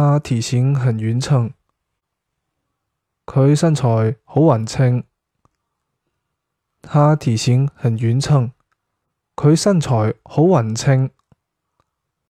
他體型很勻稱，佢身材好勻稱。他體型很勻稱，佢身材好勻稱。